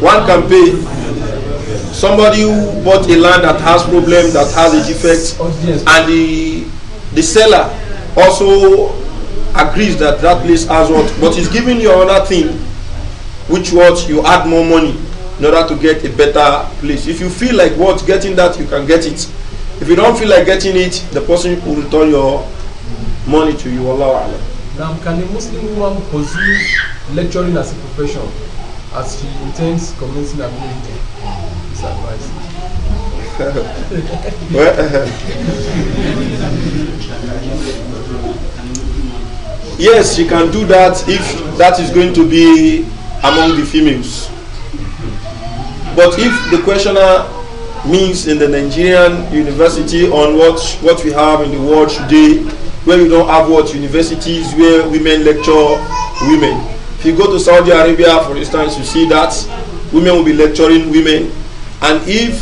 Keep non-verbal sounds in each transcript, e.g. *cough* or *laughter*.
One can pay. Somebody who bought a land that has problem, that has a defect, and the the seller also agrees that that place has what, but he's giving you another thing, which what you add more money in order to get a better place. If you feel like what getting that, you can get it. If you don't feel like getting it, the person will return your money to you. Allah. Now, can a Muslim woman pursue lecturing as a profession? as she intends commencing ability. His advice. yes, you can do that if that is going to be among the females. But if the questioner means in the Nigerian university on what what we have in the world today, where we don't have what universities where women lecture women. If you go to Saudi Arabia, for instance, you see that women will be lecturing women. And if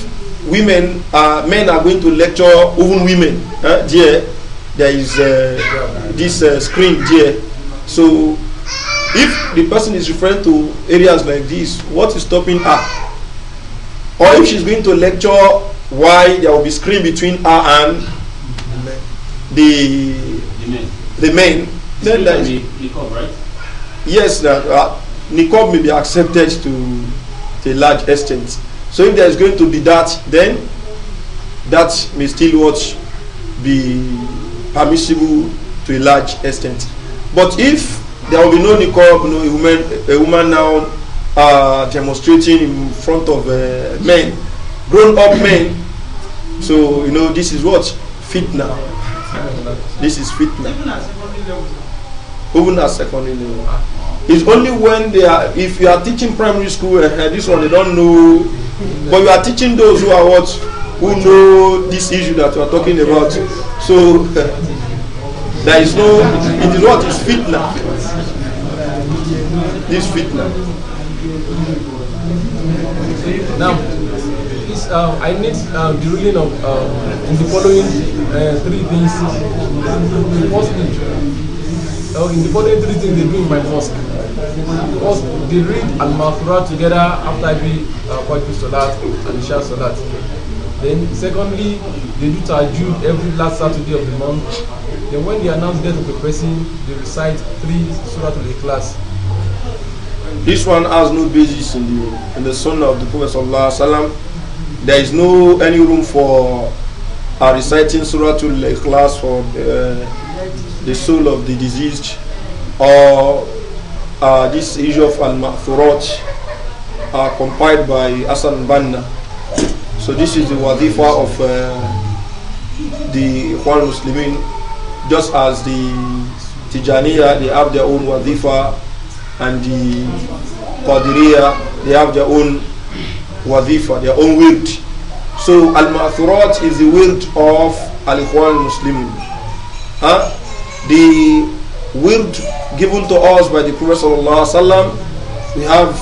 women, uh, men are going to lecture even women, uh, there, there is uh, this uh, screen there. So if the person is referring to areas like this, what is stopping her? Or if she's going to lecture, why there will be screen between her and the the men? The men. Then that is, right? yes, that uh, niqab may be accepted to, a large extent. So if there is going to be that, then that may still what be permissible to a large extent. But if there will be no niqab, no a woman, a woman now uh, demonstrating in front of uh, men, grown-up men. So you know this is what now. This is now even at secondary It's only when they are, if you are teaching primary school, uh, this one they don't know, but you are teaching those who are what, who know this issue that you are talking about. So *laughs* there is no, it is what is fitna. This fitna. Now, Now, uh, I need uh, the ruling of uh, in the following uh, three things. First, important three things they do in my mosque. First, they read and mafura together after I be uh, Qadri Salat and Isha Salat. Then, secondly, they do Tajud every last Saturday of the month. Then, when they announce death of a person, they recite three Surah to the class. This one has no basis in the in the Sunnah of the Prophet Sallallahu There is no any room for uh, reciting Surah to the class for. Uh, the soul of the deceased, or uh, this issue of al mafurat are compiled by Asan Banna. So this is the wadifa of uh, the Ikhwan Muslimin, just as the Tijaniya, they have their own wadifa, and the Qadiriya, they have their own wadifa, their own wird. So al-ma'thurat is the wird of al-Ikhwan Muslimin. Huh? the word given to us by the Prophet sallallahu alaihi wasallam. We have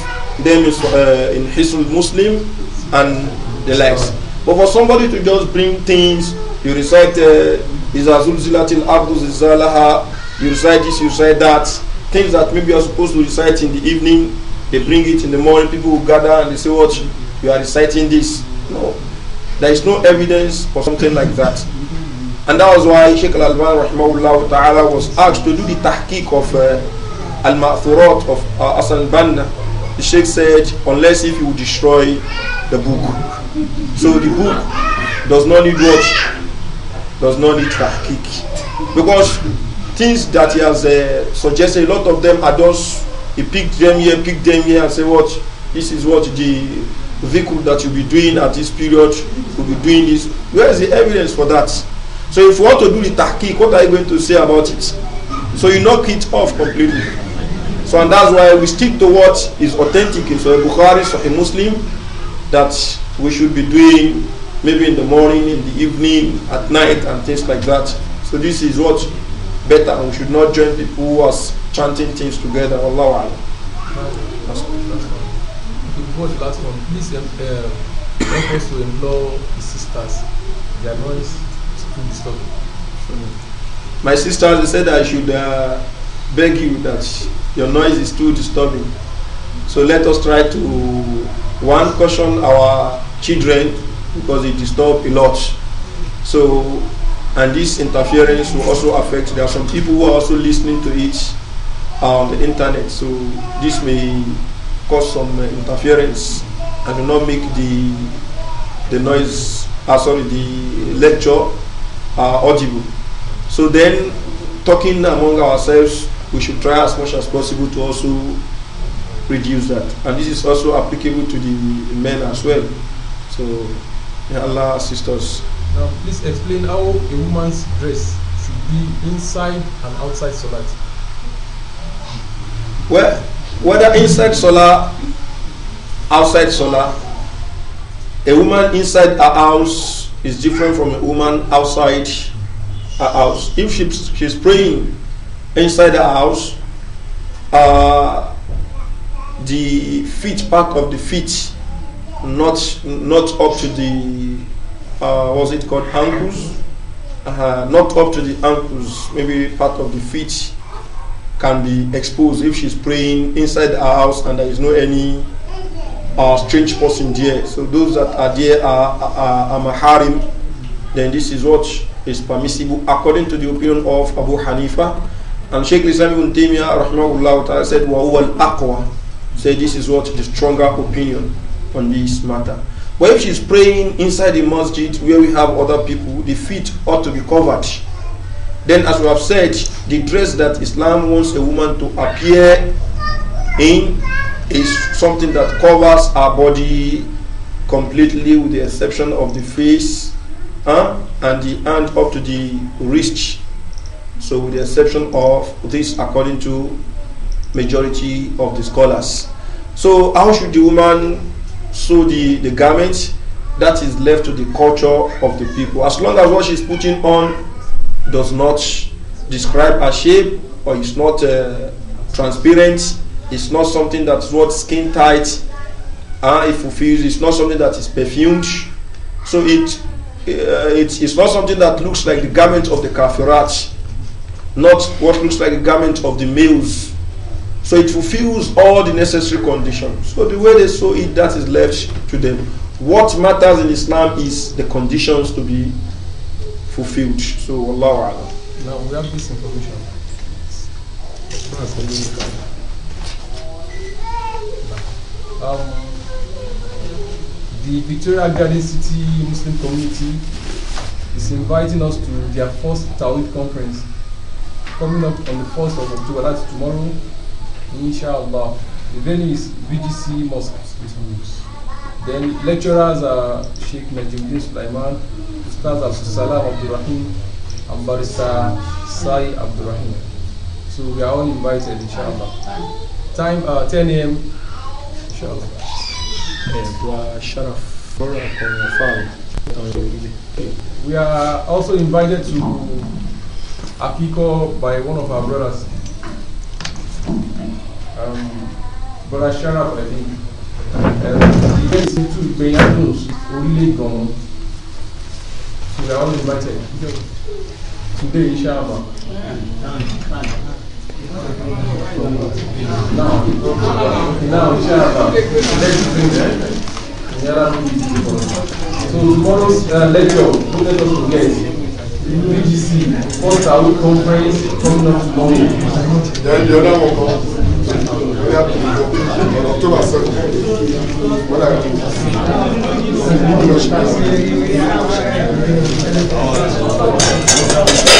them in, uh, in Muslim and the likes. But for somebody to just bring things, you recite uh, Izazul Zilatil Abdul Zizalaha, you recite this, you recite that, things that maybe you're supposed to recite in the evening, they bring it in the morning, people will gather and they say, What, you are reciting this. No. There is no evidence for something like that. And that was why Sheikh Al Alban rahmahullah ta'ala was asked to do the tahqiq of uh, Al Ma'thurat of uh, As Al Banna. The Sheikh said, unless if you destroy the book. So the book does not need what? Does not need tahqiq. Because things that he has uh, suggested, a lot of them are those, he picked them here, picked them here, and say, what? This is what the vehicle that you'll be doing at this period, will be doing this. Where is the evidence for that? So if you want to do the tahqiq, what are you going to say about it? So you knock it off completely. So and that's why we stick to what is authentic in Sahih Bukhari, Sahih Muslim, that we should be doing maybe in the morning, in the evening, at night, and things like that. So this is what better, and we should not join people who are chanting things together. Allah Allah. Before the last one, please um, uh, help us to implore the sisters. Their noise my sister said I should uh, beg you that your noise is too disturbing. So let us try to one caution our children because it disturbs a lot. So and this interference will also affect. There are some people who are also listening to it on the internet, so this may cause some uh, interference and not make the the noise. Uh, sorry, the lecture audible. So then, talking among ourselves, we should try as much as possible to also reduce that. And this is also applicable to the men as well. So, may Allah assist us. Now, please explain how a woman's dress should be inside and outside Salat. Well, whether inside salat, outside salat, a woman inside her house is different from a woman outside a house. If she, she's praying inside the house, uh, the feet part of the feet, not not up to the uh, what's it called ankles, uh, not up to the ankles. Maybe part of the feet can be exposed if she's praying inside the house and there is no any a strange person there. So those that are there are, are, are maharim. Then this is what is permissible according to the opinion of Abu Hanifa. And Sheikh Islam ibn Taymiyyah said, wa al-aqwa. Say this is what the stronger opinion on this matter. But if she's praying inside the masjid where we have other people, the feet ought to be covered. Then as we have said, the dress that Islam wants a woman to appear in is something that covers our body completely with the exception of the face huh? and the hand up to the wrist. So with the exception of this according to majority of the scholars. So how should the woman sew the, the garment? That is left to the culture of the people. As long as what she's putting on does not describe her shape or is not uh, transparent, it's not something that's what skin tight uh, it fulfills. It's not something that is perfumed. So it, uh, it it's not something that looks like the garment of the kafirat, not what looks like the garment of the males. So it fulfills all the necessary conditions. So the way they sew it, that is left to them. What matters in Islam is the conditions to be fulfilled. So Allah. Now we have this information um, the Victoria Garden City Muslim community is inviting us to their first Tawhid conference coming up on the 1st of October, that's tomorrow, inshallah. The venue is VGC Mosque. Then lecturers are Sheikh Najimuddin Sulaiman, Ustaz Abdulsalam Abdurrahim, and Barista Sai Abdurrahim. So we are all invited, inshallah. Time uh, 10 a.m. inshallah ẹ̀bùn sharaf lọ́rọ̀ àkọrin afáàrọ̀ ìtàn we are also invited to akiko by one of our brothers um, brother sharaf i think ilé ìsìnkú ìgbéyàwó orílẹ̀ ìgbọ̀nmọ́ we are all invited today inshallah. Yeah. Yeah. Now, let's So tomorrow's uh, lecture, don't let us forget. UGC, first our conference coming up tomorrow. Then the other one comes. October 7th. What are you doing?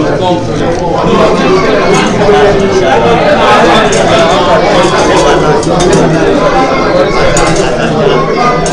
Thank you.